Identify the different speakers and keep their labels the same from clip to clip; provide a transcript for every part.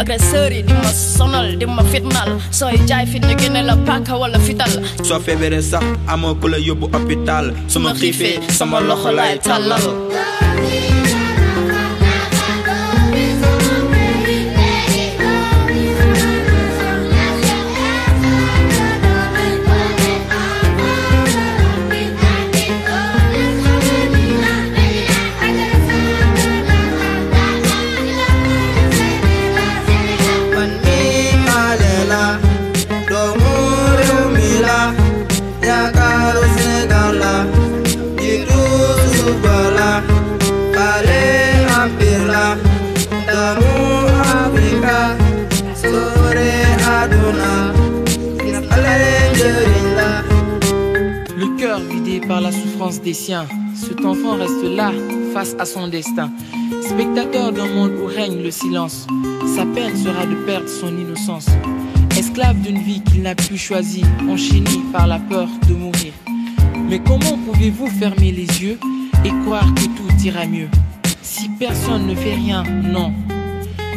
Speaker 1: agresseur yi di ma sonal di ma fitnaal sooy jaay fit ñu génne la paaka wala fital soo feebaree sax amoo ku la yóbbu hôpital su ma xiifee sama loxo laay tàllal
Speaker 2: cet enfant reste là, face à son destin. Spectateur d'un monde où règne le silence, sa peine sera de perdre son innocence. Esclave d'une vie qu'il n'a plus choisie enchaîné par la peur de mourir. Mais comment pouvez-vous fermer les yeux et croire que tout ira mieux Si personne ne fait rien, non.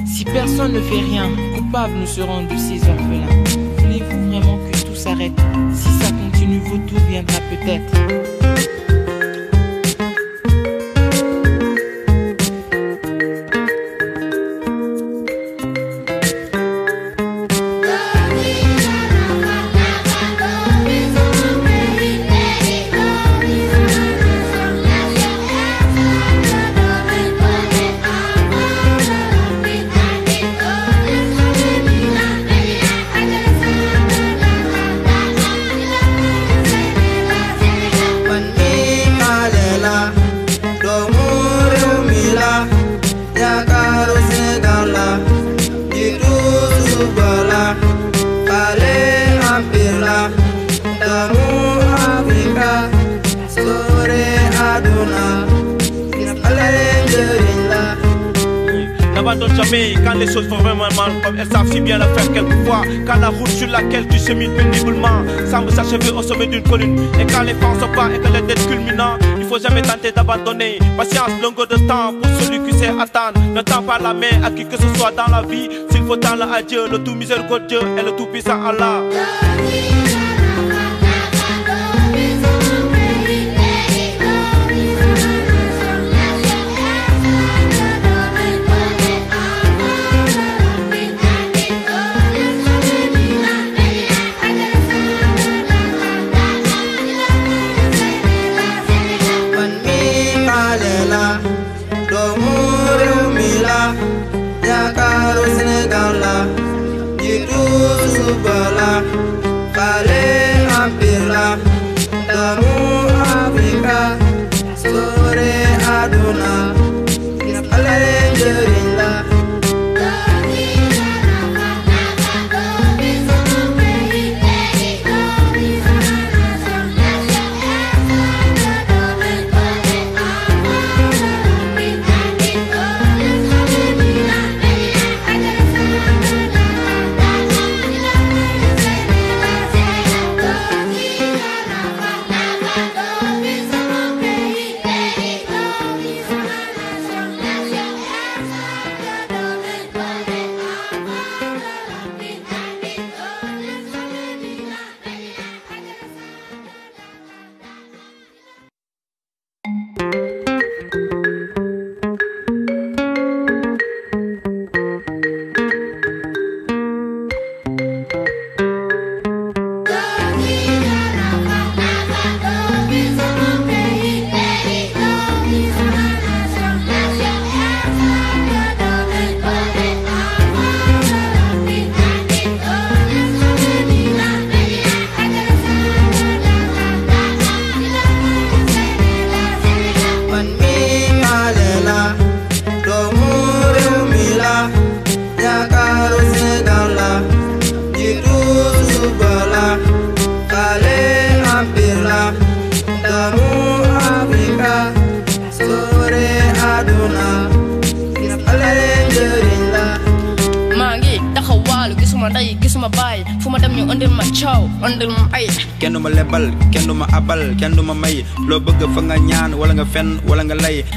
Speaker 2: Si personne ne fait rien, coupable nous serons de ces orphelins. Voulez-vous vraiment que tout s'arrête Si ça continue, vous tout viendra peut-être.
Speaker 3: jamais Quand les choses vont vraiment mal Comme elles savent si bien la faire quelquefois Quand la route sur laquelle tu chemines péniblement Semble s'achever au sommet d'une colline Et quand les vents sont pas et que les têtes culminant Il faut jamais tenter d'abandonner Patience, longue de temps pour celui qui sait attendre Ne tends pas la main à qui que ce soit dans la vie S'il faut tendre à Dieu, le tout Dieu Et le tout puissant Allah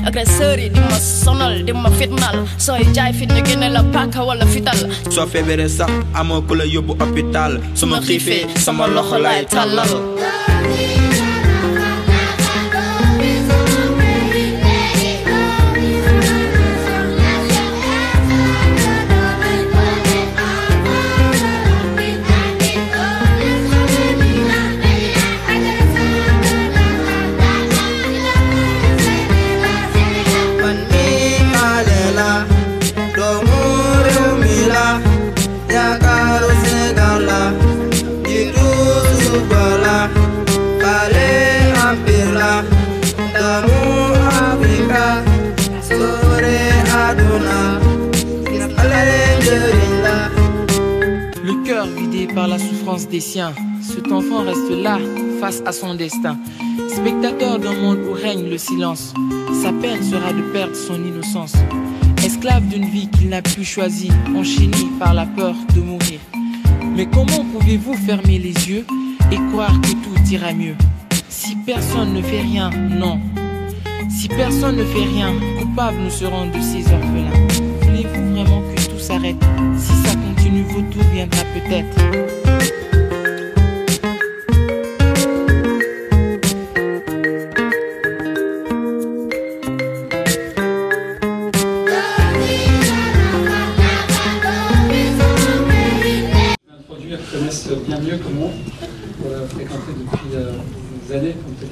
Speaker 1: agresseur yi di ma sonal di ma fitnaal sooy jaay fit ñu génne la paaka wala fital soo feebaree sax amoo ku la yóbbu hôpital su ma xiifee sama loxo laay tàllal
Speaker 2: Le cœur guidé par la souffrance des siens, cet enfant reste là, face à son destin. Spectateur d'un monde où règne le silence, sa peine sera de perdre son innocence. Esclave d'une vie qu'il n'a plus choisie, enchaîné par la peur de mourir. Mais comment pouvez-vous fermer les yeux et croire que tout ira mieux. Si personne ne fait rien, non. Si personne ne fait rien, coupables nous serons de ces orphelins. Voulez-vous vraiment que tout s'arrête Si ça continue, vous tout viendra peut-être.
Speaker 4: peut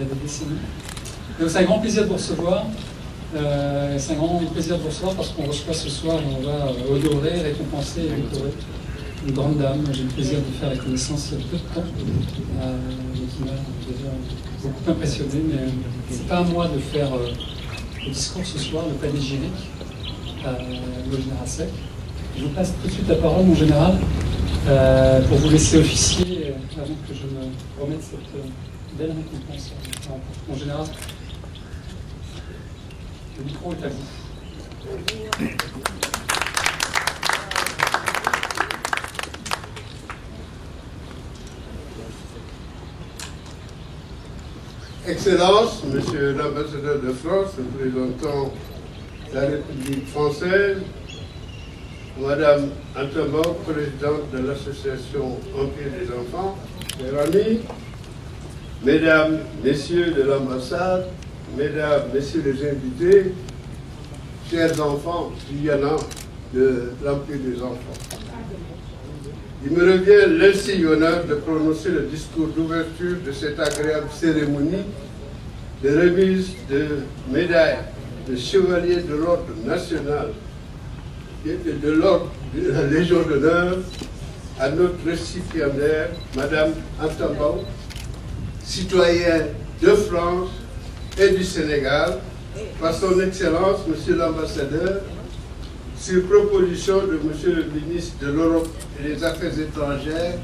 Speaker 4: Donc c'est un grand plaisir de vous recevoir. Euh, c'est un grand plaisir de vous recevoir parce qu'on reçoit ce soir et on va euh, honorer, récompenser et décorer une grande dame. J'ai le plaisir de faire la connaissance peu de temps, euh, qui m'a beaucoup impressionné. Mais c'est pas à moi de faire le discours ce soir, le panégyrique, le général Sec. Je vous passe tout de suite la parole, mon général, pour vous laisser officier avant que je me remette cette belle récompense en général. Le micro est à vous.
Speaker 5: Excellences, Monsieur l'ambassadeur de France, représentant de la République française, Madame Antamor, présidente de l'association Empire des enfants, mes amis, Mesdames, Messieurs de l'ambassade, Mesdames, Messieurs les invités, chers enfants, s'il de l'Empire des enfants. Il me revient l'insigne honneur de prononcer le discours d'ouverture de cette agréable cérémonie de remise de médailles de Chevalier de l'ordre national et de l'ordre de la Légion d'honneur à notre récipiendaire, Madame Antambao, citoyenne de France et du Sénégal, par son Excellence, Monsieur l'Ambassadeur, sur proposition de Monsieur le ministre de l'Europe et des Affaires étrangères,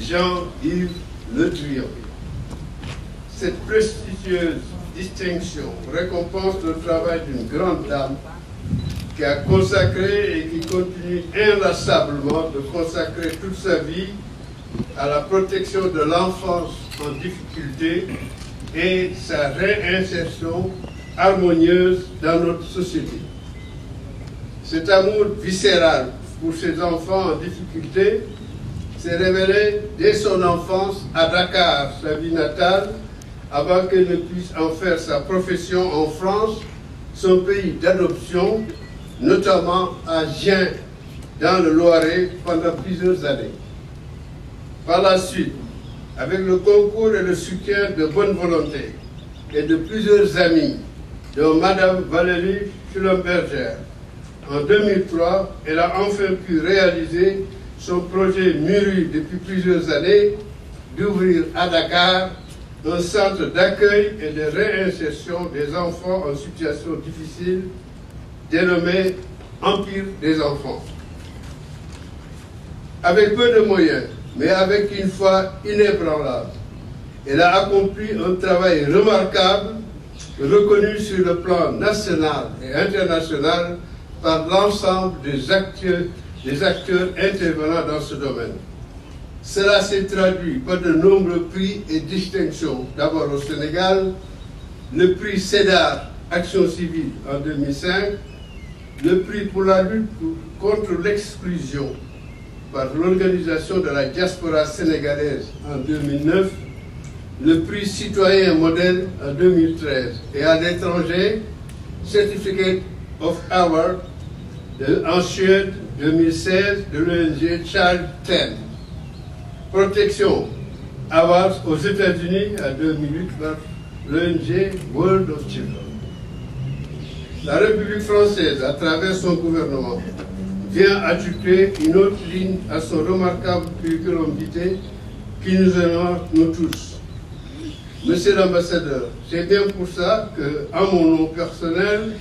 Speaker 5: Jean-Yves Le Drian. Cette prestigieuse distinction récompense le travail d'une grande dame qui a consacré et qui continue inlassablement de consacrer toute sa vie à la protection de l'enfance en difficulté et sa réinsertion harmonieuse dans notre société. Cet amour viscéral pour ses enfants en difficulté s'est révélé dès son enfance à Dakar, sa vie natale, avant qu'elle ne puisse en faire sa profession en France, son pays d'adoption, notamment à Gien, dans le Loiret, pendant plusieurs années. Par la suite, avec le concours et le soutien de bonne volonté et de plusieurs amis, dont Madame Valérie Schulenberger. En 2003, elle a enfin pu réaliser son projet mûri depuis plusieurs années d'ouvrir à Dakar un centre d'accueil et de réinsertion des enfants en situation difficile dénommé Empire des enfants. Avec peu de moyens, mais avec une foi inébranlable. Elle a accompli un travail remarquable, reconnu sur le plan national et international par l'ensemble des acteurs, des acteurs intervenants dans ce domaine. Cela s'est traduit par de nombreux prix et distinctions. D'abord au Sénégal, le prix CEDAR Action civile en 2005, le prix pour la lutte contre l'exclusion par l'organisation de la diaspora sénégalaise en 2009, le prix citoyen modèle en 2013 et à l'étranger, Certificate of Award en Suède 2016 de l'ONG Charles 10. Protection Awards aux États-Unis en 2008 par l'ONG World of Children. La République française, à travers son gouvernement, vient ajouter une autre ligne à son remarquable curriculum vitae qui nous honore nous tous. Monsieur l'ambassadeur, c'est bien pour ça que, à mon nom personnel,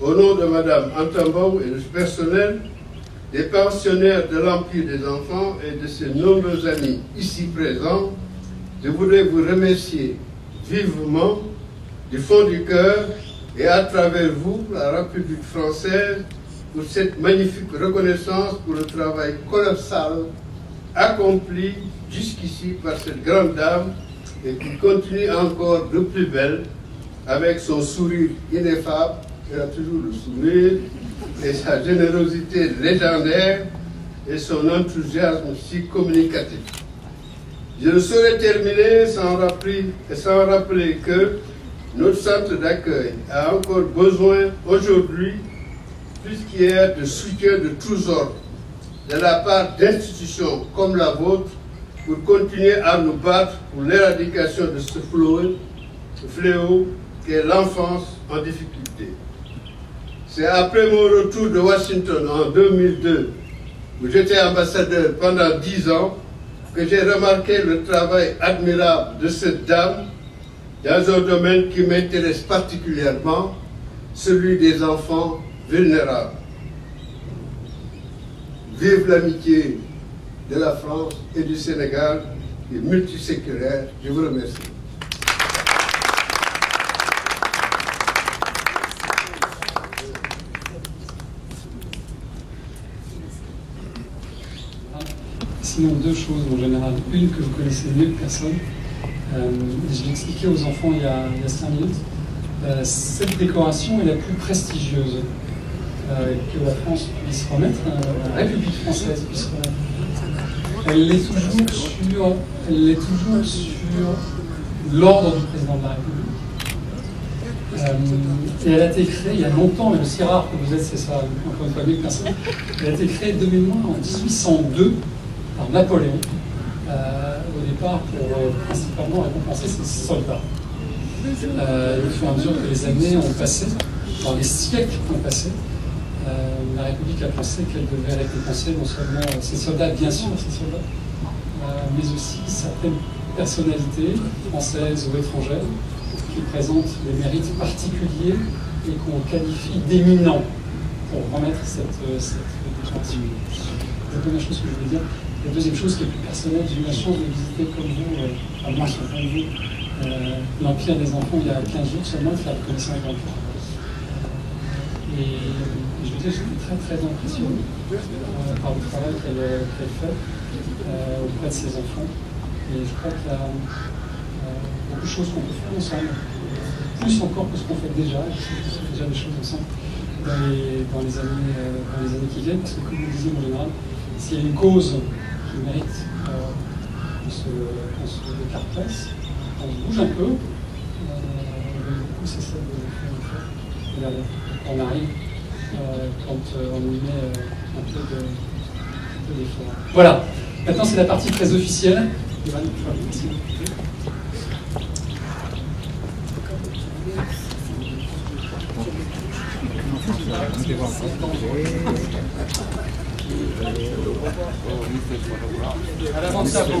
Speaker 5: au nom de Madame Antambaou et du personnel, des pensionnaires de l'Empire des enfants et de ses nombreux amis ici présents, je voudrais vous remercier vivement du fond du cœur et à travers vous, la République française, pour cette magnifique reconnaissance pour le travail colossal accompli jusqu'ici par cette grande dame et qui continue encore de plus belle avec son sourire ineffable, elle a toujours le sourire, et sa générosité légendaire et son enthousiasme si communicatif. Je ne saurais terminer sans rappeler, sans rappeler que notre centre d'accueil a encore besoin aujourd'hui puisqu'il de soutien de tous ordres de la part d'institutions comme la vôtre pour continuer à nous battre pour l'éradication de ce fléau, fléau est l'enfance en difficulté. C'est après mon retour de Washington en 2002, où j'étais ambassadeur pendant dix ans, que j'ai remarqué le travail admirable de cette dame dans un domaine qui m'intéresse particulièrement, celui des enfants vulnérables. Vive l'amitié de la France et du Sénégal, et multiséculaire. Je vous remercie.
Speaker 4: Sinon, deux choses en général. Une que vous connaissez mieux que personne. Euh, je l'ai expliqué aux enfants il y a, cinq minutes. Euh, cette décoration est la plus prestigieuse euh, que la France puisse remettre, euh, la République française puisse remettre. Elle est toujours sur, toujours l'ordre du président de la République. Euh, et elle a été créée il y a longtemps, mais aussi rare que vous êtes, c'est ça, encore une fois, mille personnes. Elle a été créée de mémoire en 1802 par Napoléon, au départ pour principalement récompenser ses soldats. au fur et à mesure que les années ont passé, dans les siècles ont passé, euh, la République a pensé qu'elle devait récompenser non seulement euh, ses soldats, bien sûr ses soldats, euh, mais aussi certaines personnalités françaises ou étrangères qui présentent des mérites particuliers et qu'on qualifie d'éminents pour remettre cette, déclaration. C'est la première chose que je voulais dire. La deuxième chose qui est plus personnelle, j'ai eu la chance de visiter comme vous, à moi je vous, euh, l'Empire des enfants il y a 15 jours seulement, de faire connaissance avec l'Empire. Et je suis très très impressionné par le travail qu'elle fait euh, auprès de ses enfants. Et je crois qu'il y a euh, beaucoup de choses qu'on peut faire ensemble, plus encore que ce qu'on fait déjà, parce qu'on fait déjà des choses ensemble dans les, années, euh, dans les années qui viennent, parce que comme vous le disiez en général, s'il y a une cause qui mérite qu'on se, qu qu'on on bouge un peu, beaucoup c'est ça de, on arrive euh, quand euh, on y met euh, un peu d'effort. de Voilà. Maintenant, c'est la partie très officielle.
Speaker 6: À l'avant de sa peau.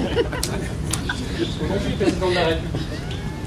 Speaker 6: Je suis président de la République.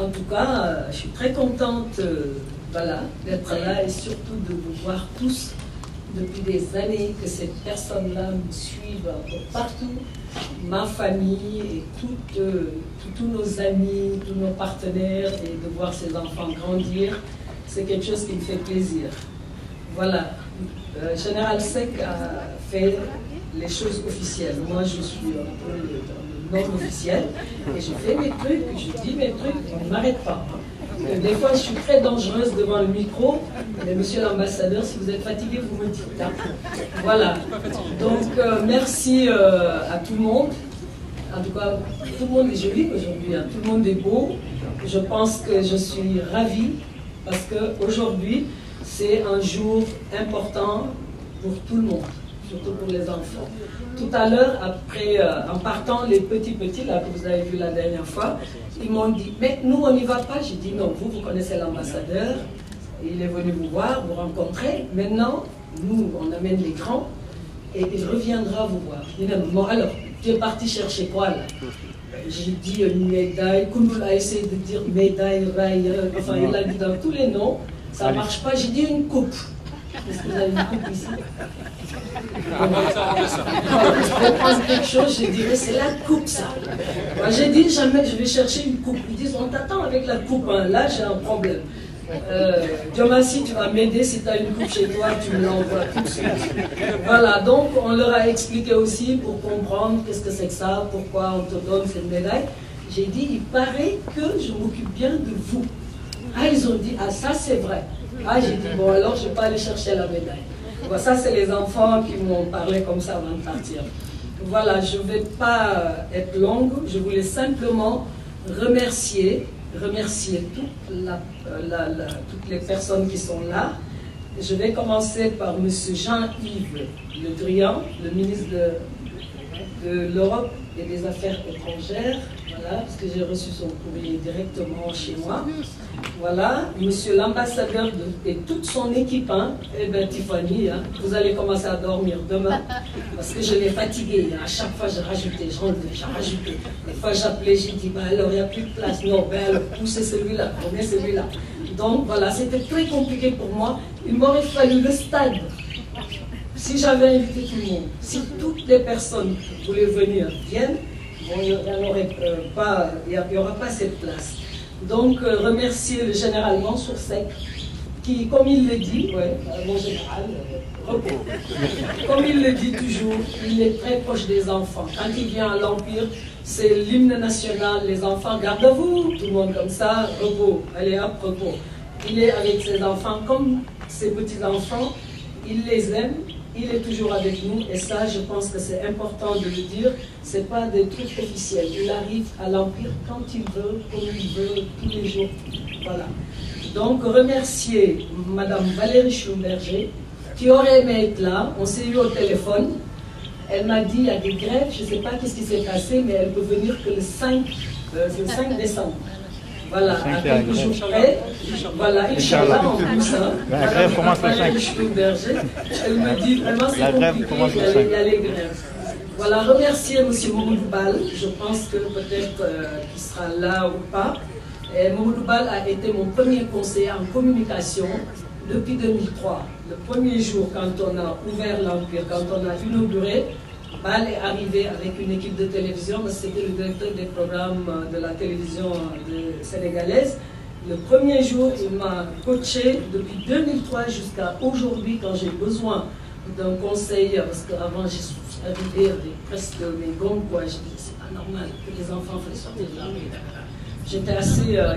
Speaker 7: En tout cas, euh, je suis très contente euh, voilà, d'être là et surtout de vous voir tous depuis des années que cette personne-là me suive partout, ma famille et toutes, euh, tous nos amis, tous nos partenaires et de voir ces enfants grandir, c'est quelque chose qui me fait plaisir. Voilà, Général Sec a fait les choses officielles. Moi, je suis un peu non officielle, et je fais mes trucs, je dis mes trucs, on ne m'arrête pas. Hein. Des fois, je suis très dangereuse devant le micro, mais monsieur l'ambassadeur, si vous êtes fatigué, vous me dites. Hein. Voilà. Donc, euh, merci euh, à tout le monde. En tout cas, tout le monde est joli aujourd'hui, hein. tout le monde est beau. Je pense que je suis ravie parce qu'aujourd'hui, c'est un jour important pour tout le monde surtout pour les enfants. Tout à l'heure, après, euh, en partant, les petits-petits, là, que vous avez vu la dernière fois, ils m'ont dit, mais nous, on n'y va pas. J'ai dit, non, vous, vous connaissez l'ambassadeur, il est venu vous voir, vous rencontrer. Maintenant, nous, on amène les grands, et il reviendra vous voir. Il dit, bon, alors, tu es parti chercher quoi, là j'ai dit une médaille, Kounoul a essayé de dire médaille, raille, enfin il a dit dans tous les noms, ça ne marche pas, j'ai dit une coupe. « ce que vous avez coupe ici
Speaker 6: ah, Je propose quelque chose,
Speaker 7: je dirais c'est la coupe ça. Moi j'ai dit jamais je vais chercher une coupe. Ils disent on t'attend avec la coupe, hein. là j'ai un problème. Euh, si tu vas m'aider si tu as une coupe chez toi, tu me l'envoies tout de suite. Voilà, donc on leur a expliqué aussi pour comprendre qu'est-ce que c'est que ça, pourquoi on te donne cette médaille. J'ai dit, il paraît que je m'occupe bien de vous. Ah, ils ont dit, ah ça c'est vrai. Ah, j'ai dit, bon, alors je vais pas aller chercher la médaille. ça, c'est les enfants qui m'ont parlé comme ça avant de partir. Voilà, je ne vais pas euh, être longue. Je voulais simplement remercier, remercier euh, toutes les personnes qui sont là. Je vais commencer par M. Jean-Yves Le Drian, le ministre de, de l'Europe et des Affaires étrangères, parce que j'ai reçu son courrier directement chez moi. Voilà, monsieur l'ambassadeur et toute son équipe, hein. eh bien Tiffany, hein, vous allez commencer à dormir demain, parce que je l'ai fatigué. Hein. À chaque fois, j'ai rajouté, j'enlevais, j'ai rajouté. Des fois, j'appelais, j'ai dit, bah, alors, il n'y a plus de place. Non, ben, alors, poussez celui-là, prenez celui-là. Donc, voilà, c'était très compliqué pour moi. Il m'aurait fallu le stade si j'avais invité tout le monde, si toutes les personnes qui voulaient venir viennent, il n'y euh, aura pas cette place. Donc, euh, remercier le général Mansour-Sec, qui, comme il le dit, euh, mon général, comme il le dit toujours, il est très proche des enfants. Quand il vient à l'Empire, c'est l'hymne national, les enfants, gardez vous tout le monde comme ça, repos, allez hop, repos. Il est avec ses enfants comme ses petits-enfants, il les aime, il est toujours avec nous et ça, je pense que c'est important de le dire. Ce n'est pas des trucs officiels. Il arrive à l'Empire quand il veut, comme il veut, tous les jours. Voilà. Donc, remercier Madame Valérie Schumberger qui aurait aimé être là. On s'est eu au téléphone. Elle m'a dit il y a des grèves, je ne sais pas ce qui s'est passé, mais elle peut venir que le 5, euh, le 5 décembre. Voilà, après je voilà, Inch'Allah, La grève commence le 5. elle me dit vraiment c'est La grève commence Il y a les grèves. Voilà, remercier M. Mouroudoubal, je pense que peut-être euh, qu'il sera là ou pas. Mouroudoubal a été mon premier conseiller en communication depuis 2003. Le premier jour, quand on a ouvert l'Empire, quand on a inauguré, mal est arrivé avec une équipe de télévision, c'était le directeur des programmes euh, de la télévision euh, sénégalaise. Le premier jour, il m'a coaché depuis 2003 jusqu'à aujourd'hui quand j'ai besoin d'un conseil, euh, parce qu'avant j'ai arrivé avec presque mes gants, quoi. Je disais, c'est pas normal que les enfants fassent ça, mais J'étais assez euh,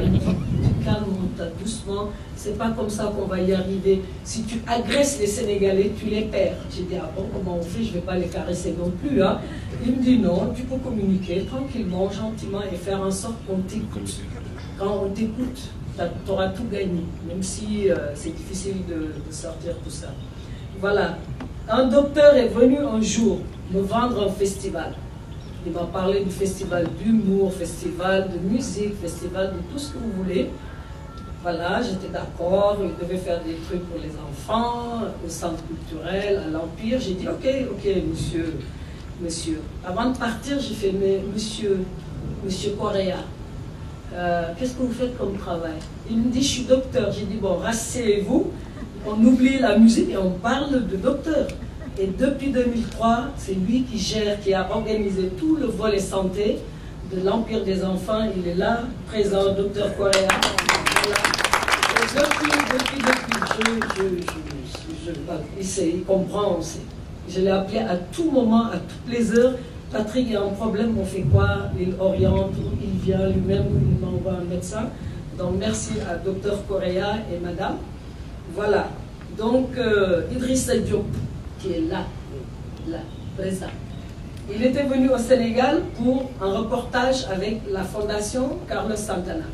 Speaker 7: calme, doucement. C'est pas comme ça qu'on va y arriver. Si tu agresses les Sénégalais, tu les perds. J'ai dit, ah bon, comment on fait Je vais pas les caresser non plus. Hein. Il me dit, non, tu peux communiquer tranquillement, gentiment et faire en sorte qu'on t'écoute. Quand on t'écoute, tu auras tout gagné, même si euh, c'est difficile de, de sortir tout ça. Voilà. Un docteur est venu un jour me vendre un festival. Il m'a parlé du festival d'humour, festival de musique, festival de tout ce que vous voulez. Voilà, j'étais d'accord, il devait faire des trucs pour les enfants, au centre culturel, à l'Empire. J'ai dit, ok, ok, monsieur, monsieur. Avant de partir, j'ai fait, mais monsieur, monsieur Correa, euh, qu'est-ce que vous faites comme travail Il me dit, je suis docteur. J'ai dit, bon, rassez-vous, on oublie la musique et on parle de docteur. Et depuis 2003, c'est lui qui gère, qui a organisé tout le volet santé de l'Empire des enfants. Il est là, présent, docteur Correa.
Speaker 6: Et
Speaker 7: depuis, depuis, depuis, je, je, je, il, sait, il comprend aussi. Je l'ai appelé à tout moment, à toutes les heures. Patrick, il y a un problème, on fait quoi Il oriente, il vient lui-même, il m'envoie un médecin. Donc merci à docteur Correa et madame. Voilà. Donc euh, Idrissa Diop, est là, là, présent. Il était venu au Sénégal pour un reportage avec la fondation Carlos Santana.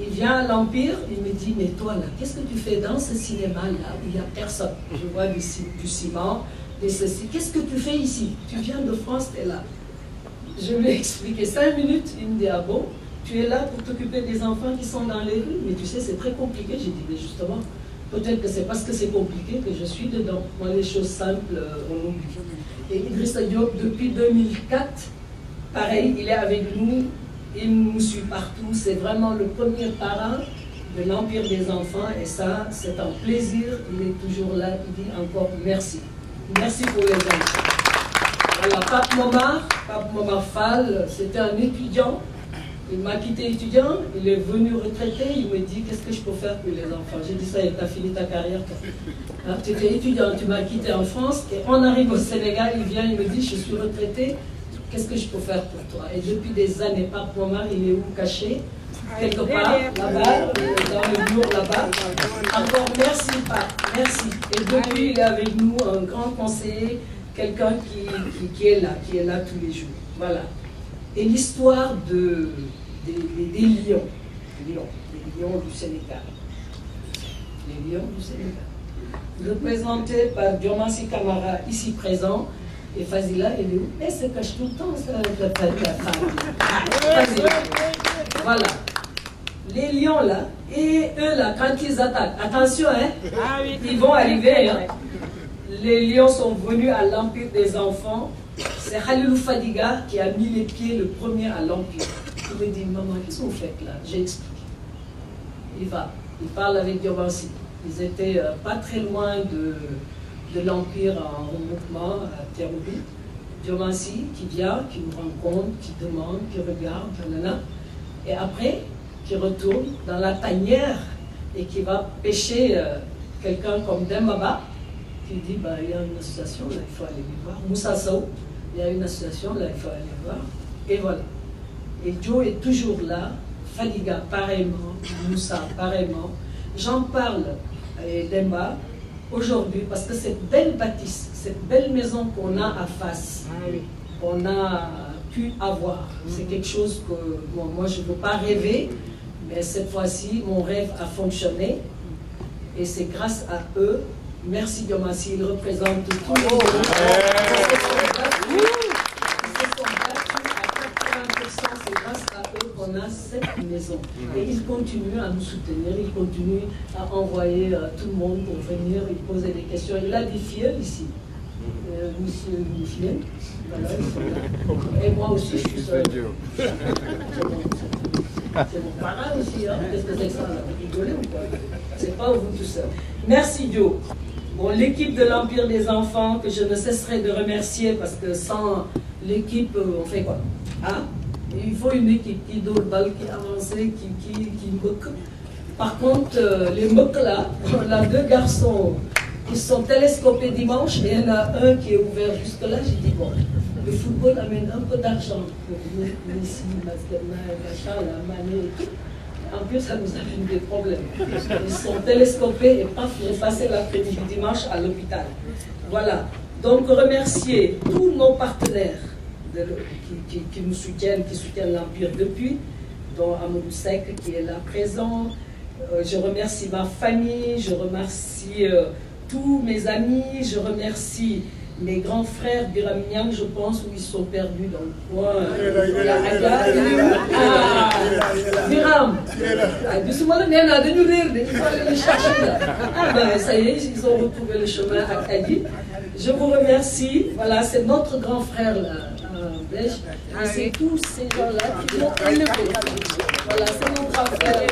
Speaker 7: Il vient à l'Empire, il me dit, mais toi là, qu'est-ce que tu fais dans ce cinéma-là il n'y a personne Je vois du, du ciment, des ceci. Qu'est-ce que tu fais ici Tu viens de France, tu là. Je lui ai expliqué cinq minutes, une me ah tu es là pour t'occuper des enfants qui sont dans les rues, mais tu sais, c'est très compliqué. J'ai dit, mais justement, Peut-être que c'est parce que c'est compliqué que je suis dedans. Moi, les choses simples, euh, on oublie. Et Idrissa Diop, depuis 2004, pareil, il est avec nous, il nous suit partout. C'est vraiment le premier parent de l'Empire des enfants et ça, c'est un plaisir. Il est toujours là, il dit encore merci. Merci pour les enfants. Voilà, Pape Momar, Pape Momar Fall, c'était un étudiant il m'a quitté étudiant, il est venu retraité, il me dit qu'est-ce que je peux faire pour les enfants. J'ai dit ça il as fini ta carrière. Alors, hein, tu étais étudiant, tu m'as quitté en France, et on arrive au Sénégal, il vient, il me dit je suis retraité, qu'est-ce que je peux faire pour toi Et depuis des années, Papa mon il est où caché ah, Quelque part, là-bas, euh, dans le mur là-bas. Encore merci, Papa, merci. Et depuis, il est avec nous, un grand conseiller, quelqu'un qui, qui, qui est là, qui est là tous les jours. Voilà et l'histoire de, des, lions, les lions, du Sénégal. Les lions du Sénégal. Représentés par Diomansi Camara ici présent, et Fazila, elle est où Elle se cache tout le temps, ça, la, femme. Ah, voilà. Les lions là, et eux là, quand ils attaquent, attention, hein, ah, oui. ils vont arriver. Hein. Les lions sont venus à l'Empire des enfants c'est Khalilou Fadiga qui a mis les pieds le premier à l'Empire. Il me dit, maman, qu'est-ce que vous faites là J'ai expliqué. Il va, il parle avec Diobansi. Ils étaient euh, pas très loin de, de l'Empire en mouvement à Terroubi. Diomansi qui vient, qui nous rencontre, qui demande, qui regarde, nanana. Et après, qui retourne dans la tanière et qui va pêcher euh, quelqu'un comme Dembaba, qui dit bah, il y a une association, il faut aller lui voir. Moussa Sao, il y a une association, là il faut aller voir. Et voilà. Et Joe est toujours là, Fadiga pareillement, Moussa pareillement. J'en parle et Demba aujourd'hui parce que cette belle bâtisse, cette belle maison qu'on a à face, ah on a pu avoir. C'est mm. quelque chose que moi je ne veux pas rêver, mais cette fois-ci mon rêve a fonctionné et c'est grâce à eux. Merci Yomassi. ils représentent tout le monde. maison. Et il continue à nous soutenir, il continue à envoyer euh, tout le monde pour venir, il poser des questions. Il a des filles ici. Mm-hmm. Euh, monsieur Mouchelet.
Speaker 6: voilà, Et moi aussi, je suis seul.
Speaker 7: C'est mon parrain aussi, hein Qu'est-ce que c'est que ça Vous rigolez ou quoi C'est pas vous tout seul. Merci Dio. Bon, l'équipe de l'Empire des enfants, que je ne cesserai de remercier parce que sans l'équipe, euh, on fait quoi Hein il faut une équipe qui donne le bal, qui avance, qui, qui, moque. Par contre, euh, les moques là, on a deux garçons qui sont télescopés dimanche et il y en a un qui est ouvert jusque-là. J'ai dit, bon, le football amène un peu d'argent pour la En plus, ça nous amène des problèmes. Ils sont télescopés et paf, ils passé l'après-midi dimanche à l'hôpital. Voilà. Donc, remercier tous nos partenaires qui, qui, qui, nous soutiennent, qui soutiennent l'Empire depuis, dont Amadou Sek qui est là présent. Euh, je remercie ma famille, je remercie euh, tous mes amis, je remercie mes grands frères Biramignan, je pense, où ils sont perdus
Speaker 6: dans le coin. Biram,
Speaker 7: Ah ben, ça y est, ils ont retrouvé le chemin à Kadi. Je vous remercie. Voilà, c'est notre grand frère là. Ah c'est tous ces gens-là qui m'ont élevé. Voilà, c'est mon grand-père.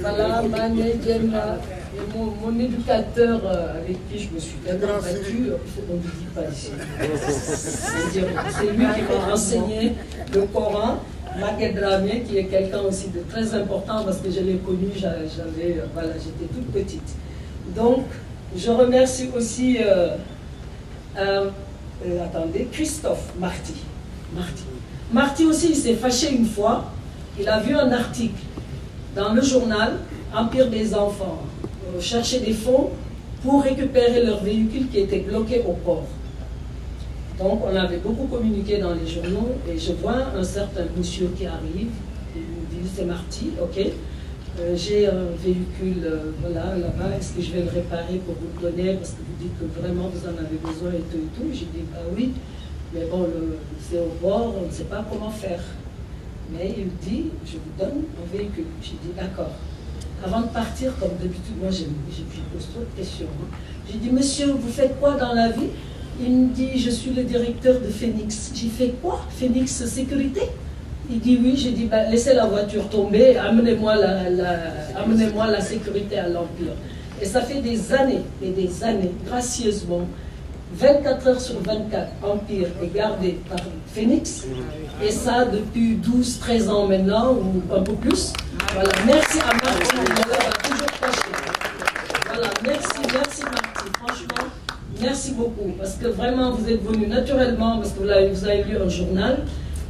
Speaker 7: Voilà, Mané, Jenna, mon, mon, éducateur euh, avec qui je me suis tellement battue, on ne dit pas ici. C'est lui qui m'a enseigné le Coran. Maguette Dramier qui est quelqu'un aussi de très important parce que je l'ai connu, j'avais, euh, voilà, j'étais toute petite. Donc, je remercie aussi euh, euh, euh, attendez, Christophe Marty. Marty. Marty aussi, il s'est fâché une fois. Il a vu un article dans le journal Empire des enfants, euh, chercher des fonds pour récupérer leur véhicule qui était bloqué au port. Donc, on avait beaucoup communiqué dans les journaux et je vois un certain monsieur qui arrive. Il nous dit, c'est Marty, ok euh, j'ai un véhicule, euh, voilà, là-bas, est-ce que je vais le réparer pour vous donner parce que vous dites que vraiment vous en avez besoin et tout et tout. J'ai dit, bah oui, mais bon, c'est au bord, on ne sait pas comment faire. Mais il me dit, je vous donne mon véhicule. J'ai dit, d'accord. Avant de partir, comme d'habitude, moi j'ai pose trop de questions. J'ai dit, monsieur, vous faites quoi dans la vie Il me dit, je suis le directeur de Phoenix. J'ai fait quoi Phoenix Sécurité il dit oui, j'ai dit bah, laissez la voiture tomber, amenez-moi la, sécurité à l'Empire. Et ça fait des années et des années, gracieusement, 24 heures sur 24, Empire est gardé par Phoenix. Et ça depuis 12, 13 ans maintenant, ou un peu plus. Voilà, merci à Marty, on toujours merci, merci Marty, franchement, merci beaucoup. Parce que vraiment, vous êtes venu naturellement, parce que vous avez lu un journal.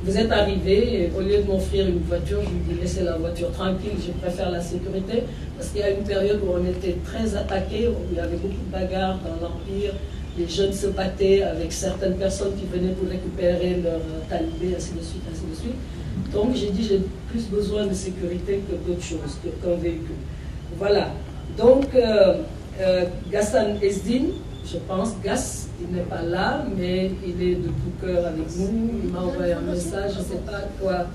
Speaker 7: Vous êtes arrivé, au lieu de m'offrir une voiture, je vous dis laissez la voiture tranquille, je préfère la sécurité. Parce qu'il y a une période où on était très attaqué, où il y avait beaucoup de bagarres dans l'Empire, les jeunes se battaient avec certaines personnes qui venaient pour récupérer leur talibé, ainsi de suite, ainsi de suite. Donc j'ai dit j'ai plus besoin de sécurité que d'autres choses, qu'un véhicule. Voilà. Donc, euh, euh Gassan Ezdin, je pense, Gass. Il n'est pas là, mais il est de tout cœur avec nous. Il m'a envoyé un message, je ne sais pas quoi,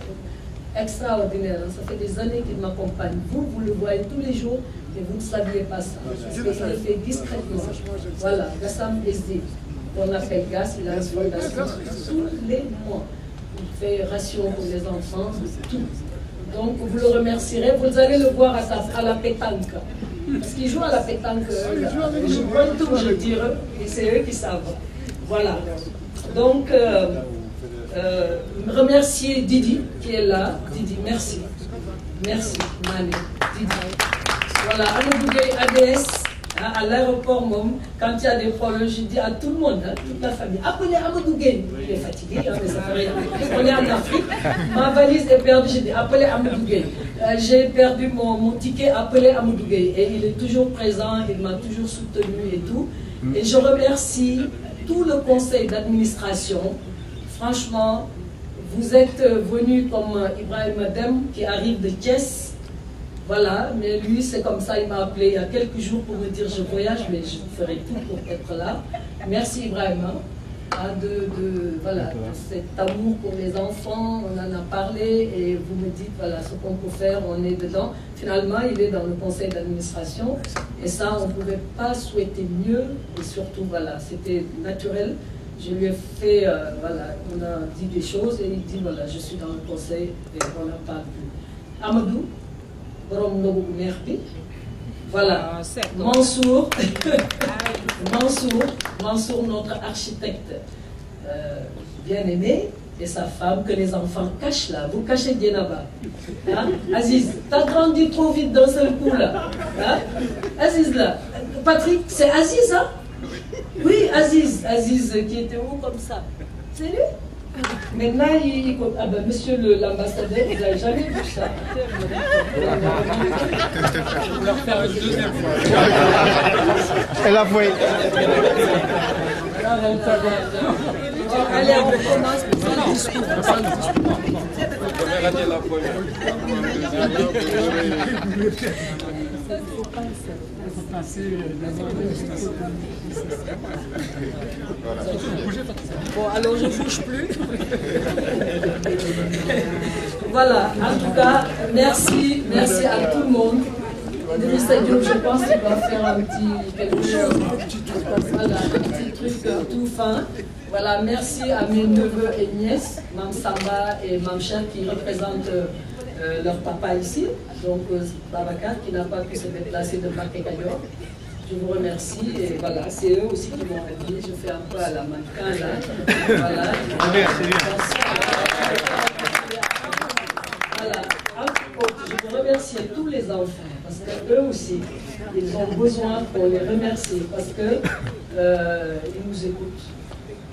Speaker 7: extraordinaire. Hein. Ça fait des années qu'il m'accompagne. Vous, vous le voyez tous les jours, mais vous ne saviez pas ça. il le fait discrètement. Voilà, Gassam Bézé, on appelle Gas, il a une fondation tous les mois. Il fait ration pour les enfants, tout. Donc, vous le remercierez. Vous allez le voir à, à la pétanque. Parce qu'ils jouent à la pétanque, ils euh, jouent tout, tour, je dire hein, et c'est eux qui savent. Voilà. Donc, euh, euh, remercier Didi qui est là. Didi, merci. Merci, Mani. Didi. Voilà, Anoubougay ADS. Hein, à l'aéroport, quand il y a des problèmes, je dis à tout le monde, hein, toute la famille, appelez ah, Amadou Il est fatigué, mais ça fait rien. On est en Afrique, ma valise est perdue, j'ai dit appelez Amadou euh, j'ai perdu mon, mon ticket, appelez Amadou Guen. Et il est toujours présent, il m'a toujours soutenu et tout. Hmm. Et je remercie tout le conseil d'administration. Franchement, vous êtes venus comme Ibrahim Adem qui arrive de Thiès voilà, mais lui, c'est comme ça, il m'a appelé il y a quelques jours pour me dire je voyage, mais je ferai tout pour être là. Merci Ibrahim hein, hein, de, de, voilà, cet amour pour les enfants, on en a parlé et vous me dites voilà ce qu'on peut faire, on est dedans. Finalement, il est dans le conseil d'administration et ça, on ne pouvait pas souhaiter mieux et surtout, voilà, c'était naturel. Je lui ai fait, euh, voilà, on a dit des choses et il dit voilà, je suis dans le conseil et on n'a pas vu. Amadou, voilà ah, Mansour ah Mansour Mansour notre architecte euh, bien-aimé et sa femme que les enfants cachent là. Vous cachez bien hein? là Hein? Aziz, t'as grandi trop vite dans ce coup là. Aziz là. Patrick, c'est Aziz hein Oui, Aziz. Aziz qui était où comme ça. C'est lui Maintenant, il, il, ah ben, monsieur l'ambassadeur, il n'a jamais vu ça.
Speaker 6: Je vais refaire une deuxième fois. Elle a voué. Allez, on
Speaker 8: commence.
Speaker 1: Non, non, non. Première année, la première. La deuxième,
Speaker 4: je vais... Euh,
Speaker 7: bon, alors je ne bouge
Speaker 6: plus. voilà, en tout cas,
Speaker 7: merci, merci à tout le monde. Ministre Diop, je pense qu'il va faire un petit quelque chose. Voilà, un petit truc euh, tout fin. Voilà, merci à mes neveux et nièces, Mam Samba et Mme Cher qui représentent. Euh, euh, leur papa ici, donc euh, Babacar qui n'a pas pu se déplacer de et Gagnon. Je vous remercie et voilà, c'est eux aussi qui m'ont appelé. Je fais un peu à la
Speaker 6: mannequin là. Voilà. Merci.
Speaker 7: Voilà. Ah, oh, je veux remercier tous les enfants parce qu'eux aussi, ils ont besoin pour les remercier, parce que euh, ils nous écoutent.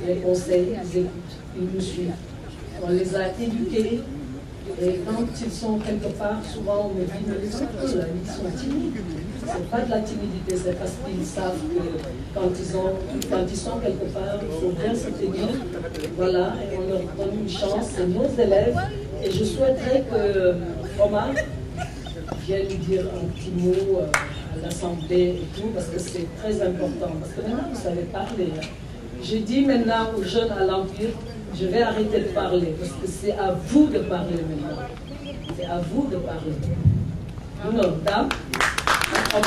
Speaker 7: Les conseils, ils écoutent, ils nous suivent. On les a éduqués et quand ils sont quelque part, souvent on me dit, mais ils sont ils sont timides. Ce n'est pas de la timidité, c'est parce qu'ils savent que quand ils, sont quelque part, il faut bien se tenir. Voilà, et on leur donne une chance, c'est nos élèves. Et je souhaiterais que Thomas vienne dire un petit mot euh, à l'Assemblée et tout, parce que c'est très important. Parce que maintenant, vous savez parler. Hein. J'ai dit maintenant aux jeunes à l'Empire, je vais arrêter de parler parce que c'est à vous de parler maintenant. C'est à vous de parler. Non, dame. Voilà.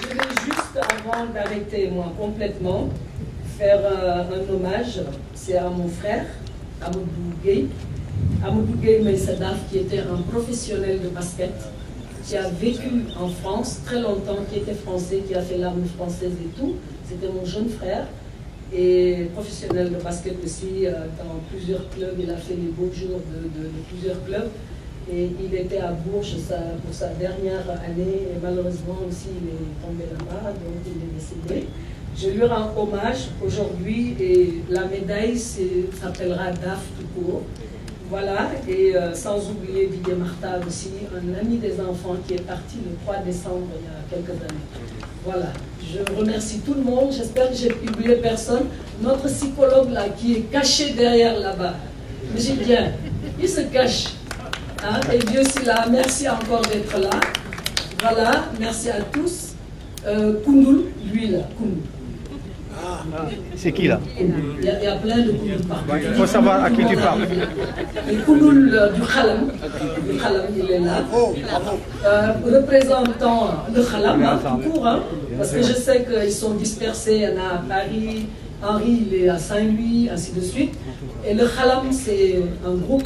Speaker 7: je vais juste, avant d'arrêter moi complètement, faire euh, un hommage. C'est à mon frère, Amoudou Gueye. Amoudou Gueye qui était un professionnel de basket, qui a vécu en France très longtemps, qui était français, qui a fait l'armée française et tout. C'était mon jeune frère et professionnel de basket aussi euh, dans plusieurs clubs. Il a fait les beaux jours de, plusieurs clubs. Et il était à Bourges pour sa dernière année et malheureusement aussi il est tombé là-bas, donc il est décédé. Je lui rends hommage aujourd'hui et la médaille s'appellera DAF tout court. Voilà, et euh, sans oublier Didier Marta aussi, un ami des enfants qui est parti le 3 décembre il y a quelques années. Voilà. Je remercie tout le monde. J'espère que j'ai publié personne. Notre psychologue là, qui est caché derrière là-bas, j'ai bien, il se cache. Hein, et Dieu s'il là. Merci encore d'être là. Voilà. Merci à tous. Euh, lui là,
Speaker 3: c'est qui là il
Speaker 7: y, a, plein de Kounoul Il faut savoir à qui tu parles.
Speaker 3: Le Kounoul euh, du Khalam,
Speaker 7: du Khalam, il est là. Euh, représentant le Khalam, hein, hein, parce que je sais qu'ils sont dispersés. Il y en a à Paris, Henri, il est à Saint-Louis, ainsi de suite. Et le Khalam, c'est un groupe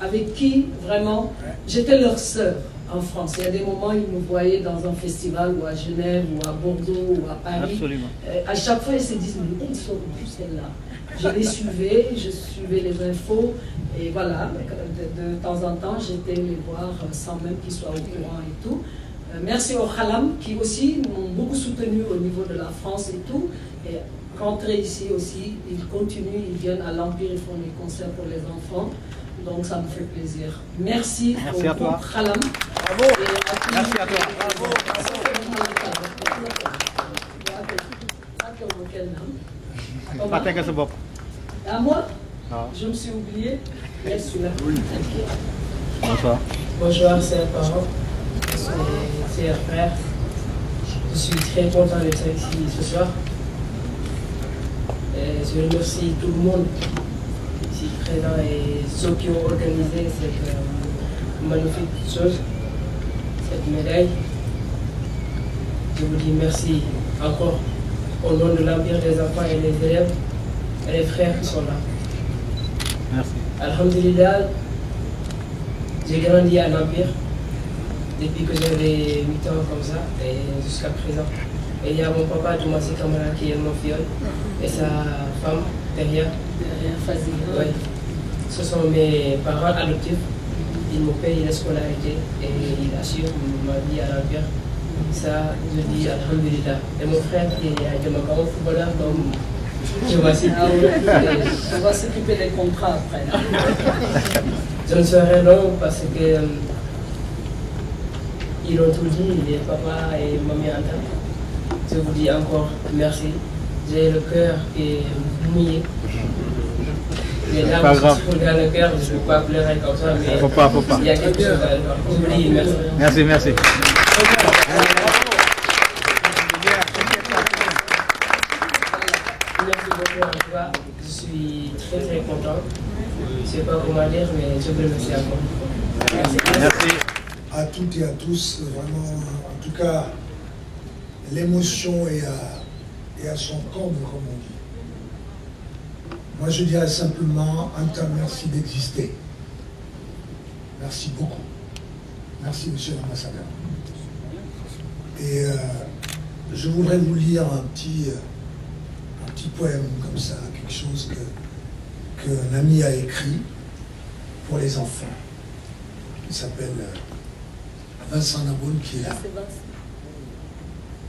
Speaker 7: avec qui, vraiment, j'étais leur sœur en France. Il y a des moments, ils me voyaient dans un festival ou à Genève ou à Bordeaux ou à Paris. Absolument. Euh, à chaque fois, ils se disent, mais ils sont où celles-là Je les suivais, je suivais les infos. Et voilà, euh, de, temps en temps, j'étais les voir euh, sans même qu'ils soient au courant et tout. merci aux Khalam qui aussi m'ont beaucoup soutenu au niveau de la France et tout. Et rentrer ici aussi, ils continuent, ils viennent à l'Empire, ils font des concerts pour les enfants. Donc ça me fait plaisir. Merci,
Speaker 3: Merci au Khalam. Merci à toi. moi ah.
Speaker 7: Je me suis oublié. là
Speaker 1: Bonsoir.
Speaker 9: Bonjour, c'est un parent. C'est un frère. Je suis très content d'être ici ce soir. Et je remercie tout le monde est présent et ceux qui ont organisé cette euh, magnifique chose cette médaille. Je vous dis merci encore au nom de l'avenir des enfants et des élèves et des frères qui sont là. Merci. Alhamdulillah, j'ai grandi à l'Empire depuis que j'avais 8 ans comme ça et jusqu'à présent. Et il y a mon papa et Kamara qui est mon fiole et sa femme derrière. Derrière Fazil. Oui. Ce sont mes parents adoptifs il me paye la scolarité et il assure ma vie à l'envers. Ça, je dis à états. Et mon frère qui est un grand footballeur, donc je
Speaker 7: vais s'occuper des contrats après.
Speaker 9: je ne serai long parce que euh, ils ont tout dit, les papas et mamie en Je vous dis encore merci. J'ai le cœur qui est mouillé. Les larmes pas grave. dans le cœur, je ne veux pas pleurer comme ça, mais
Speaker 3: il y a quelque chose à oublier. Merci, merci. merci.
Speaker 9: Je suis très très content. Je ne sais pas comment dire, mais je vous remercie encore. Merci.
Speaker 10: Merci. À toutes et à tous, vraiment, en tout cas, l'émotion est à son comble, comme on dit. Moi, je dirais simplement, un temps merci d'exister. Merci beaucoup. Merci, monsieur l'ambassadeur. Et euh, je voudrais vous lire un petit, euh, petit poème comme ça, quelque chose que, que a écrit pour les enfants. Il s'appelle euh, Vincent Naboun qui est là.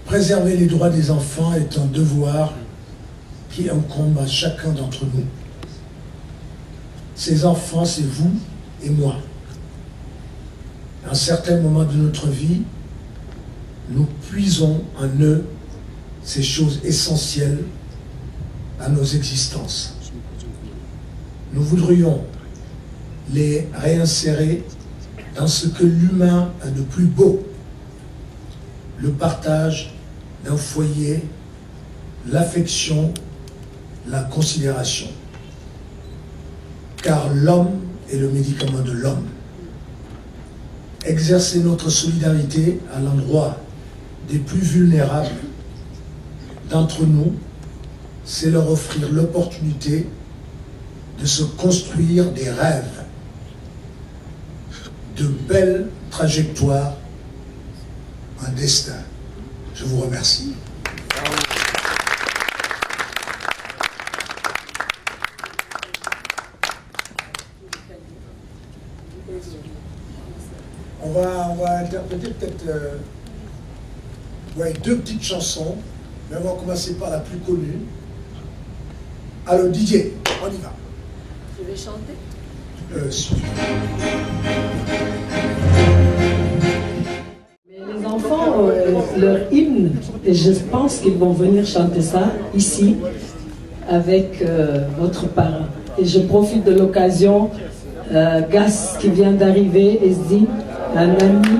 Speaker 10: Préserver les droits des enfants est un devoir qui incombe à chacun d'entre nous. Ces enfants, c'est vous et moi. À un certain moment de notre vie, nous puisons en eux ces choses essentielles à nos existences. Nous voudrions les réinsérer dans ce que l'humain a de plus beau, le partage d'un foyer, l'affection la considération. Car l'homme est le médicament de l'homme. Exercer notre solidarité à l'endroit des plus vulnérables d'entre nous, c'est leur offrir l'opportunité de se construire des rêves, de belles trajectoires, un destin. Je vous remercie. va interpréter peut-être euh, deux petites chansons, mais on va commencer par la plus connue. Alors DJ, on y va. Je vais chanter euh,
Speaker 7: les enfants, euh, leur hymne, et je pense qu'ils vont venir chanter ça ici avec votre parent. Et je profite de l'occasion, Gas qui vient d'arriver et se un ami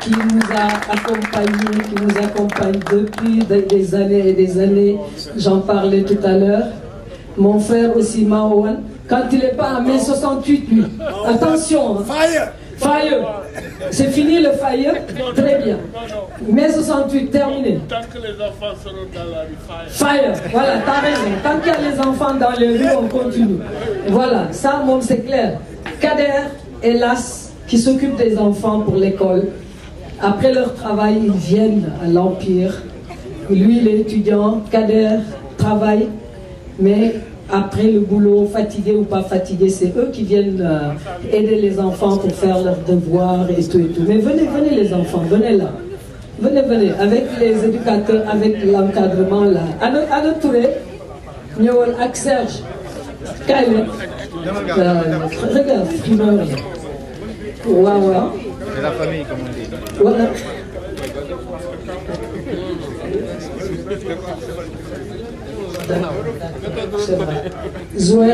Speaker 7: qui nous a accompagnés, qui nous accompagne depuis des années et des années. J'en parlais tout à l'heure. Mon frère aussi, Maouane, quand il est pas à 68, lui. Attention. Hein. Fire Fire C'est fini le fire Très bien. Mai 68, terminé. Tant que les enfants seront dans la rue, fire. Fire, voilà, t'as raison. Tant qu'il y a les enfants dans les rues, on continue. Voilà, ça, mon c'est clair. Kader, hélas, qui s'occupent des enfants pour l'école. Après leur travail, ils viennent à l'Empire. Lui, l'étudiant, Kader, travaille, mais après le boulot, fatigué ou pas fatigué, c'est eux qui viennent euh, aider les enfants pour faire leurs devoirs et tout et tout. Mais venez, venez les enfants, venez là. Venez, venez, avec les éducateurs, avec l'encadrement là. À notre tour, nous, Serge, euh,
Speaker 11: regarde, frimeur.
Speaker 7: C'est
Speaker 8: la famille, comme on dit.
Speaker 4: Voilà.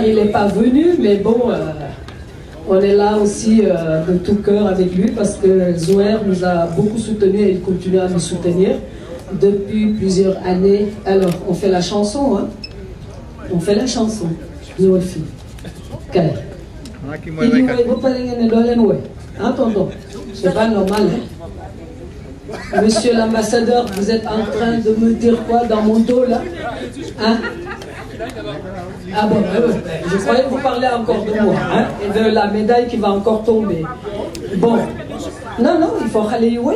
Speaker 7: il n'est pas venu, mais bon, euh, on est là aussi euh, de tout cœur avec lui parce que Zouer nous a beaucoup soutenus et il continue à nous soutenir depuis plusieurs années. Alors, on fait la chanson, hein On fait la chanson. Zouer, fille. C'est pas normal, hein. Monsieur l'ambassadeur, vous êtes en train de me dire quoi dans mon dos, là hein? ah bon, ben ben, je croyais que vous parlez encore de moi, hein, et de la médaille qui va encore tomber. Bon, non, non, il faut aller oui.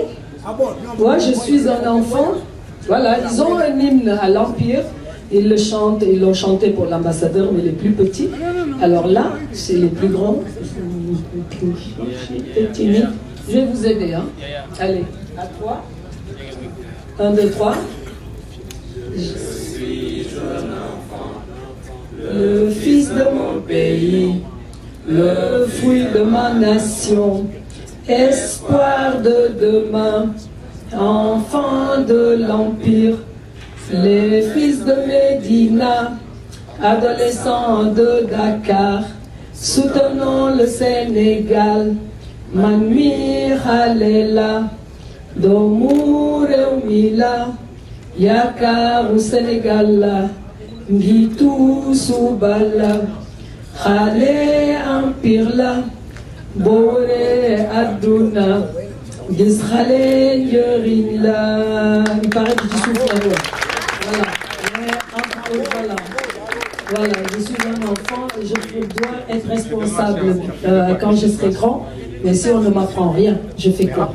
Speaker 9: Moi, je suis un enfant. Voilà, ils ont
Speaker 7: un hymne à l'Empire. Ils le chantent, ils l'ont chanté pour l'ambassadeur, mais les plus petits. Alors là, c'est les plus grands je vais vous aider. Hein. Allez, à toi. Un, deux, trois.
Speaker 6: Je suis un enfant, le
Speaker 7: fils de mon pays, le fruit de ma nation, espoir de demain, enfant de l'Empire, les fils de Médina, adolescents de Dakar. Soutenons le Sénégal man Halela, xale yaka, Yaka yakar Sénégal la Soubala, suba empire la adduna gis xale Voilà, je suis un enfant et je dois être responsable euh, quand je serai grand. Mais si on ne m'apprend rien, je fais quoi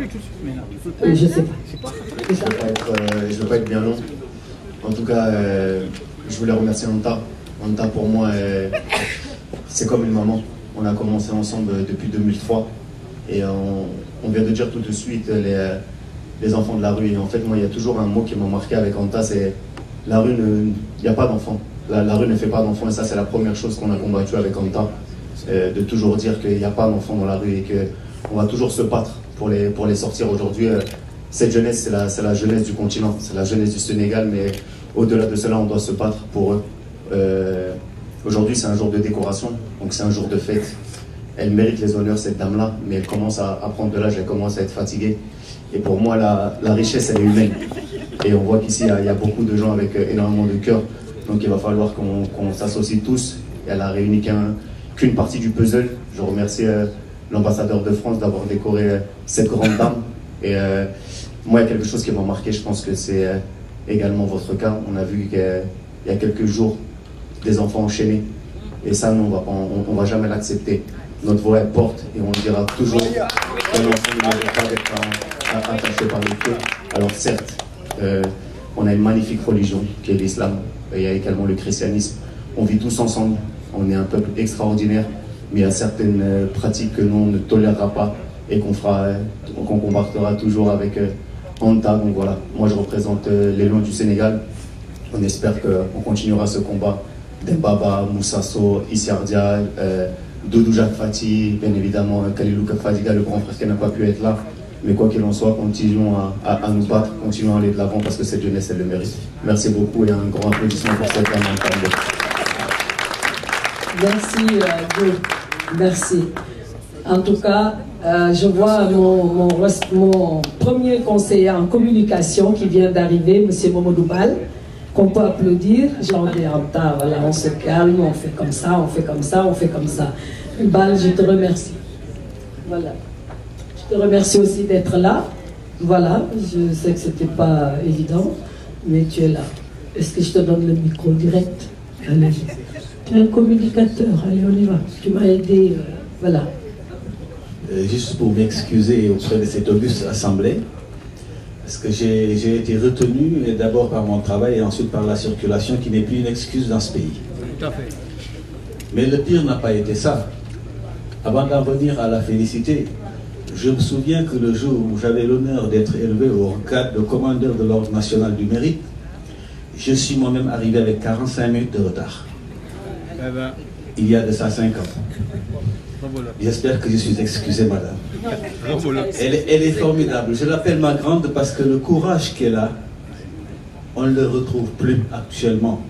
Speaker 11: euh, Je ne sais pas. Je ne euh, veux,
Speaker 12: pas être bien long. En tout cas, je voulais remercier Anta. Anta, pour moi, c'est comme une maman. On a commencé ensemble depuis 2003. Et on, vient de dire tout de suite les, les enfants de la rue. Et en fait, moi, il y a toujours un mot qui m'a marqué avec Anta, c'est la rue, il n'y a pas d'enfant la, rue ne fait pas d'enfants et ça c'est la première chose qu'on a combattue avec Anta, euh, de toujours dire qu'il n'y a pas d'enfants dans la rue et qu'on va toujours se battre pour les, pour les sortir aujourd'hui. Euh, cette jeunesse, c'est la, jeunesse du continent, c'est la jeunesse du Sénégal, mais au-delà de cela, on doit se battre pour eux. Euh, aujourd'hui, c'est un jour de décoration, donc c'est un jour de fête. Elle mérite les honneurs, cette dame-là, mais elle commence à, prendre de l'âge, elle commence à être fatiguée. Et pour moi, la, richesse, elle est humaine. Et on voit qu'ici, il y, a beaucoup de gens avec énormément de cœur. Donc il va falloir qu'on s'associe tous. Elle a réuni qu'une partie du puzzle. Je remercie euh, l'ambassadeur de France d'avoir décoré euh, cette grande dame. Et euh, moi, il y a quelque chose qui m'a marqué, je pense que c'est également votre cas. On a vu qu'il y, a quelques jours des enfants enchaînés. Et ça, nous, on va, on, on va jamais l'accepter. Notre voix, est porte et on dira toujours que l'enfant ne pas être attaché par le feu. Alors certes, on a une magnifique religion qui est l'islam, il y a également le christianisme. On vit tous ensemble, on est un peuple extraordinaire, mais il y a certaines euh, pratiques que nous, ne tolérera pas et qu'on fera, euh, qu'on toujours avec Anta. Euh, ah, donc voilà, moi je représente les l'élan du Sénégal. On espère qu'on continuera ce combat. Dembaba, Moussasso, Issiardia, euh, Doudou Jacques bien évidemment Kalilou Fadiga, le grand frère qui n'a pas pu être là. Mais quoi qu'il en soit, continuons à, nous battre, continuons à aller de l'avant parce que cette jeunesse, elle le mérite. Merci beaucoup et un grand applaudissement pour cette année.
Speaker 7: Merci, euh, Dieu. Merci. En tout cas, euh, je vois mon, mon, premier conseiller en communication qui vient d'arriver, M. Momodoubal, qu'on peut applaudir. J'en ai en retard, voilà, on se calme, on fait comme ça, on fait comme ça, on fait comme ça. Bal, je te remercie. Voilà te remercie aussi d'être là. Voilà, je sais que ce n'était pas évident, mais tu es là. Est-ce que je te donne le micro direct tu es un communicateur, allez, on y va. Tu m'as aidé, euh, voilà.
Speaker 3: Euh, juste pour m'excuser auprès de cette auguste assemblée, parce que j'ai été retenu d'abord par mon travail et ensuite par la circulation qui n'est plus une excuse dans ce pays. Tout à fait. Mais le pire n'a pas été ça. Avant d'en venir à la félicité, je me souviens que le jour où j'avais l'honneur d'être élevé au cadre de commandeur de l'Ordre national du mérite, je suis moi-même arrivé avec 45 minutes de retard. Il y a de ça 5 ans. J'espère que je suis excusé, madame. Elle, elle est formidable. Je l'appelle ma grande parce que le courage qu'elle a, on ne le retrouve plus actuellement.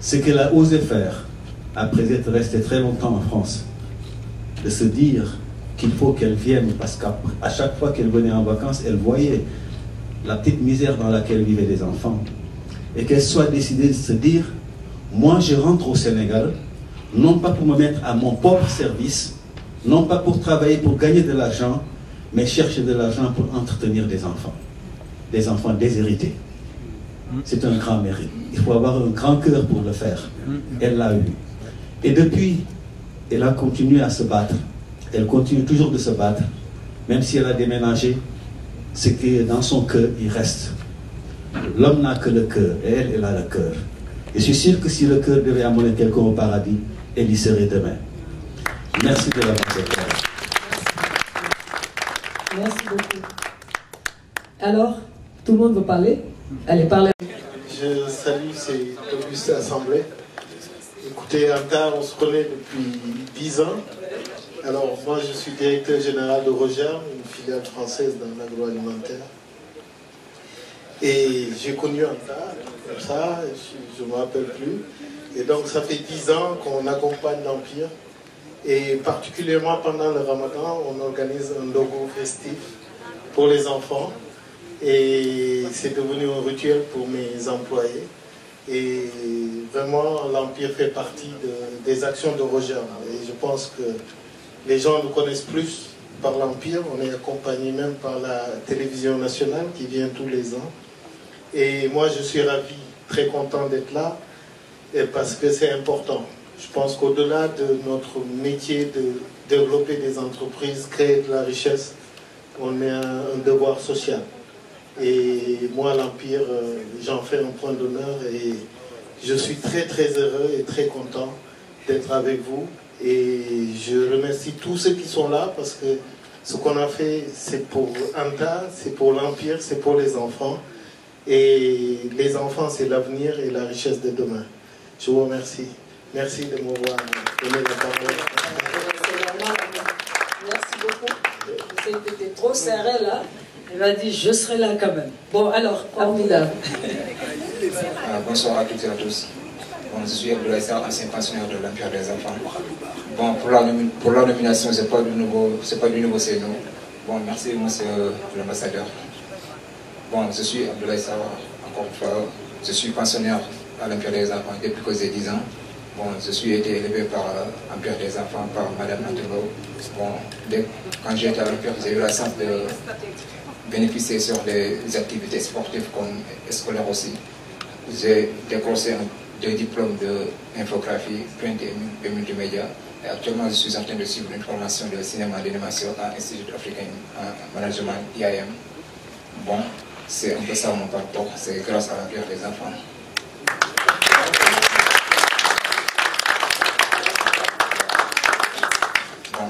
Speaker 3: Ce qu'elle a osé faire, après être restée très longtemps en France, de se dire il faut qu'elle vienne, parce qu'à chaque fois qu'elle venait en vacances, elle voyait la petite misère dans laquelle vivaient les enfants. Et qu'elle soit décidée de se dire, moi je rentre au Sénégal, non pas pour me mettre à mon propre service, non pas pour travailler, pour gagner de l'argent, mais chercher de l'argent pour entretenir des enfants, des enfants déshérités. C'est un grand mérite. Il faut avoir un grand cœur pour le faire. Elle l'a eu. Et depuis, elle a continué à se battre. Elle continue toujours de se battre, même si elle a déménagé, ce qui est dans son cœur, il reste. L'homme n'a que le cœur, elle, elle a le cœur. Et je suis sûr que si le cœur devait amener quelqu'un au paradis, elle y serait demain. Merci de l'avoir fait.
Speaker 7: Merci beaucoup. Alors, tout le monde veut parler Allez, parlez.
Speaker 11: Je salue cette auguste assemblée. Écoutez, Anta, on se connaît depuis dix ans. Alors, moi, je suis directeur général de Roger, une filiale française dans l'agroalimentaire. Et j'ai connu un tas, comme ça, je ne me rappelle plus. Et donc, ça fait dix ans qu'on accompagne l'Empire. Et particulièrement pendant le ramadan, on organise un logo festif pour les enfants. Et c'est devenu un rituel pour mes employés. Et vraiment, l'Empire fait partie des actions de Roger. Et je pense que les gens nous connaissent plus par l'Empire. On est accompagné même par la télévision nationale qui vient tous les ans. Et moi, je suis ravi, très content d'être là parce que c'est important. Je pense qu'au-delà de notre métier de développer des entreprises, créer de la richesse, on a un devoir social. Et moi, l'Empire, euh, j'en fais un point d'honneur et je suis très très heureux et très content d'être avec vous. Et je remercie tous ceux qui sont là parce que ce qu'on a fait, c'est pour Anta, c'est pour l'Empire, c'est pour les enfants. Et les enfants, c'est l'avenir et la richesse de demain. Je vous remercie. Merci de m'avoir donné la parole.
Speaker 6: Merci
Speaker 7: beaucoup. C'était trop serré là.
Speaker 13: Elle m'a dit, je serai là quand même. Bon, alors, Abdullah. Bonsoir à toutes et à tous. Bon, je suis Abdoulaye ancien pensionnaire de l'Empire des enfants. Bon, pour la, pour nomination, ce n'est pas du nouveau, c'est pas du nouveau saison. Bon, merci, monsieur l'ambassadeur. Bon, je suis Abdoulaye Sarr, encore une fois. Je suis pensionnaire à l'Empire des enfants depuis que j'ai 10 ans. Bon, je suis été élevé par l'Empire euh, des enfants, par Madame Antonio. Bon, dès, quand j'étais à l'Empire, j'ai eu la chance de bénéficier sur des activités sportives comme scolaires aussi. J'ai des un diplômes d'infographie, print et multimédia. Et actuellement, je suis en train de suivre une formation de cinéma d'animation à l'Institut africain en management IAM. Bon, c'est un peu ça mon parcours, c'est grâce à la des enfants.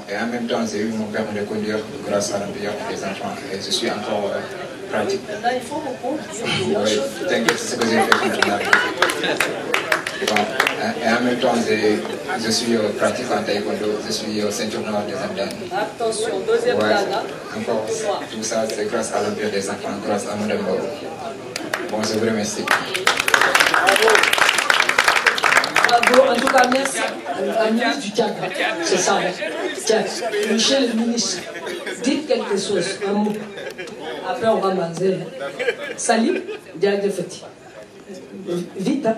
Speaker 13: et en même temps j'ai eu mon permis de conduire grâce à l'ambiance des enfants et je suis encore pratique et en même temps, je, suis pratiquant en taekwondo, je suis au ceinture noire des Indiens. Attention, deuxième hein. Encore, tout ça, c'est grâce à l'empire des enfants, grâce à mon amour. Bon, je vous remercie.
Speaker 7: Bravo. En tout cas, merci à ministre du Tchakra. C'est ça. Hein. Tiens, Michel le ministre, dites quelque chose, un mot. Après, on va manger. Hein. Salut, direct de fête. Vite, hein.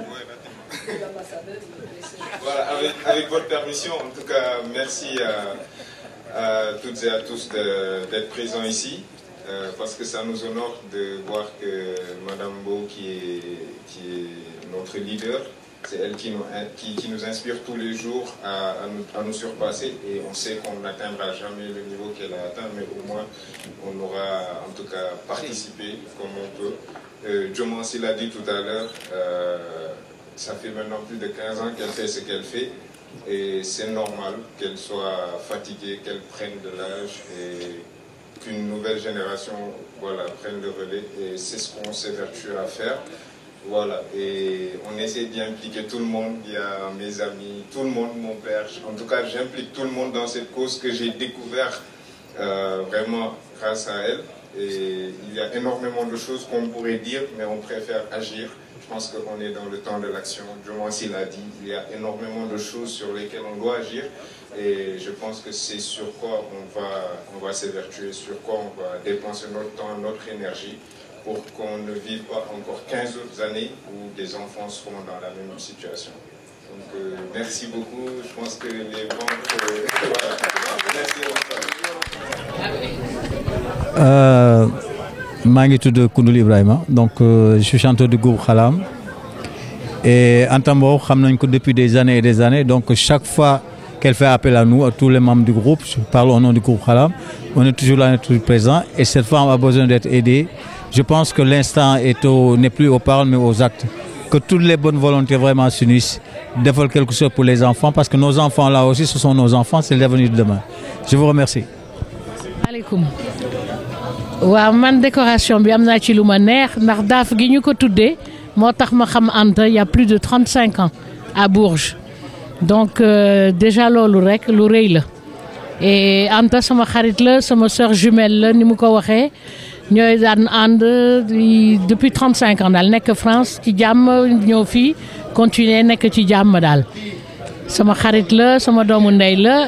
Speaker 8: Voilà, avec, votre permission, en tout cas, merci euh, à, toutes et à tous d'être présents ici, euh, parce que ça nous honore de voir que Madame Beau, qui est, qui notre leader, c'est elle qui nous, hein, qui, nous, inspire tous les jours à, nous, surpasser et on sait qu'on n'atteindra jamais le niveau qu'elle a atteint, mais au moins on aura en tout cas participé comme on peut. Euh, aussi l'a dit tout à l'heure, euh, ça fait maintenant plus de 15 ans qu'elle fait ce qu'elle fait. Et c'est normal qu'elle soit fatiguée, qu'elle prenne de l'âge et qu'une nouvelle génération voilà, prenne le relais. Et c'est ce qu'on s'évertue à faire. Voilà, et on essaie d'impliquer tout le monde. Il y a mes amis, tout le monde, mon père. En tout cas, j'implique tout le monde dans cette cause que j'ai découverte euh, vraiment grâce à elle. Et il y a énormément de choses qu'on pourrait dire, mais on préfère agir. Je pense qu'on est dans le temps de l'action. Du moins, s'il a dit, il y a énormément de choses sur lesquelles on doit agir. Et je pense que c'est sur quoi on va, on va s'évertuer, sur quoi on va dépenser notre temps, notre énergie, pour qu'on ne vive pas encore 15 autres années où des enfants seront dans la même situation. Donc, euh, merci beaucoup. Je pense que les banques.
Speaker 3: Euh, merci de donc euh, je suis chanteur du groupe Khalam et en tant que depuis des années et des années donc chaque fois qu'elle fait appel à nous à tous les membres du groupe je parle au nom du groupe Khalam on est toujours là on est toujours présent et cette femme a besoin d'être aidée je pense que l'instant est n'est plus aux paroles mais aux actes que toutes les bonnes volontés vraiment s'unissent défendent quelque chose pour les enfants parce que nos enfants là aussi ce sont nos enfants c'est l'avenir de demain je vous remercie
Speaker 2: waaw man décoration bi am naa ci lu ma neex ndax daaf gi ñu ko tuddee moo tax ma xam ante il y a plus de 35 ans à bourge donc euh, déjà loolu rek lu rëy la et ante sama xarit la sama sœur jumelle la ni mu ko waxee ñooy daan ànd depuis 35 ans daal nekk France ci jàmm ñëw fii continuer nekk ci jàmm daal sama xarit la sama doomu ndey la.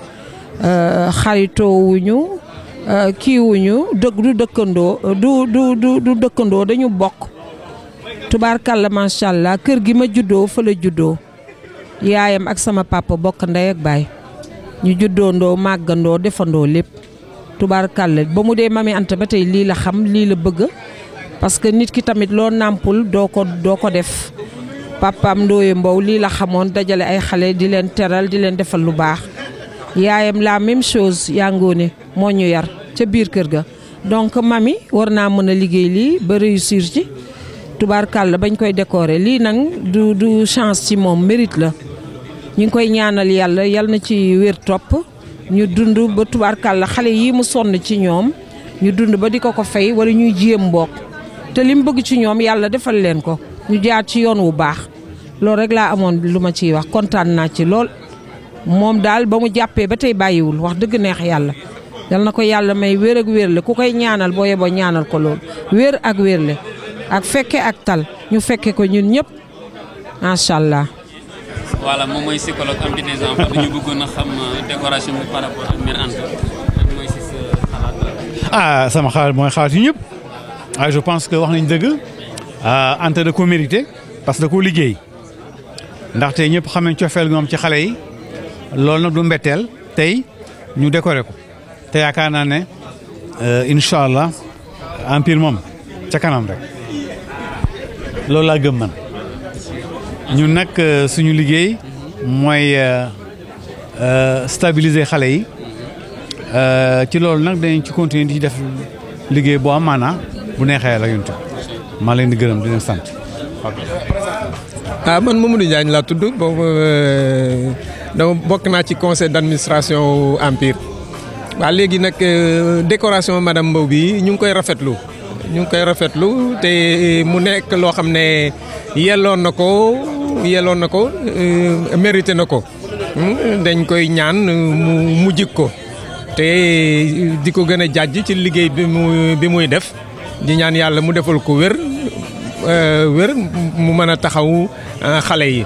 Speaker 14: Euh, xaritoowuñu euh, kiiwuñu dëkk du dëkkandoo euh, du du du du dëkkandoo dañu bokk tubaarkàlla macha allah kër gi ma juddoo fa la juddoo yaayam ak sama papa bokk ndey ak baay ñu juddoondoo màggandoo defandoo lépp tubaarkàlla ba mu dee mami Anta ba tey lii la xam lii la bëgg parce que nit ki tamit loo nàmpul doo ko doo ko def papaam Ndoye Mbow lii la xamoon dajale ay xale di leen teral di leen defal lu baax yaayam la même chose yangoone moo ñu yar ca biir kër ga donc mami war naa mën a liggéey lii ba réussir ci tubaarkàlla bañ koy dekoore lii nag du du chance ci moom mérite la ñu ngi koy ñaanal yàlla yal na ci wér topp ñu dund ba tubaarkàlla xale yii mu sonn ci ñoom ñu dund ba di ko ko fay walla ñuy jéem mbokk te li mu bëgg ci ñoom yàlla defal leen ko ñu jaar ci yoon wu baax loolu rek laa amoon lu ma ciy wax kontaan naa ci lool. mom dal ba jappé batay bayiwul wax deug neex yalla yal nako yalla may wër ak wérle ku koy ñaanal bo yeboo ñaanal ko lool wër ak wër le ak fekke ak tal ñu fekke ko ñun ñëpp macha allah.
Speaker 4: voilà moom mooy psychologue
Speaker 12: am ci des enfants dañu bëggoon xam euh, décoration bi par rapport ak Mère Anta moy ci ce
Speaker 3: xalat ah sama xalaat moy xalaat yu ñëpp ah je pense que wax nañ dëgg ah, Anta da ko mérité parce que ko koo liggéey ndaxte ñëpp xam nañ cofeel gi moom ci xalé yi. loolu nag du mbetteel tey ñu décorer ko te yaakaar naa ne euh, incha allah empire moom ca kanam rek loolu laa gëm man ñun nag euh, suñu liggéey mooy euh, stabiliser xale yi ci loolu nag dañ ci continuer di ci def liggéey boo am maanaa bu neexee la yuntu maa leen di gërëm di
Speaker 8: leen sant ah man Mamadou Diagne laa tudd boobu donc bokk naa ci conseil d'administration Empire. waaw léegi nag euh, décoration madame Mbow bi ñu ngi koy rafetlu ñu ngi koy rafetlu te euh, mu nekk loo xam ne yelloon na ko yelloon na ko euh, mérité na ko hmm? dañ koy ñaan mu mu ko te di ko gën a jàjj ci liggéey bi mu bi muy def di ñaan yàlla mu defal ko wér wér mu mën a taxaw xale yi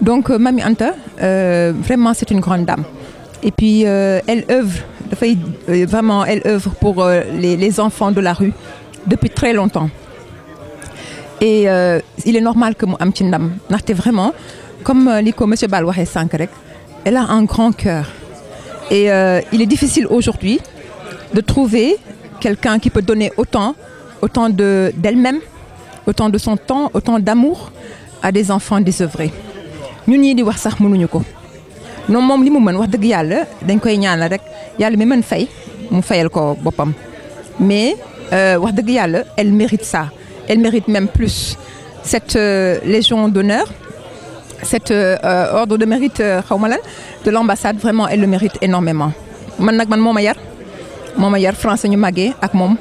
Speaker 15: Donc, euh, Mami Anta, euh, vraiment, c'est une grande dame. Et puis, euh, elle œuvre, vraiment, elle œuvre pour les, enfants de la rue depuis très longtemps. Et il est normal que moi, vraiment, comme Nico, M. et Sankarek, elle a un grand cœur. Et il est difficile aujourd'hui de trouver quelqu'un qui peut donner autant, autant d'elle-même, autant de son temps, autant d'amour à des enfants désœuvrés ñun ñii di wax sax mënuñu ko non moom li mu mën wax dëgg yàlla dañ koy ñaanal rek yàlla mi mën fay mu fayal ko boppam mais euh, wax dëgg yàlla elle mérite ça elle mérite même plus cette euh, légion d'honneur cette euh, ordre de mérite xaw ma lan de l'ambassade vraiment elle le mérite énormément man nag man moo yar moo yar français ñu màggee ak moom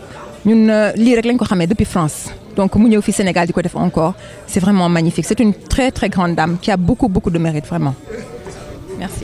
Speaker 15: ñun lii rek lañ ko xamee depuis France donc, Mounia Sénégal du Côte encore, c'est vraiment magnifique. C'est une très, très grande dame qui a beaucoup, beaucoup de mérite, vraiment. Merci.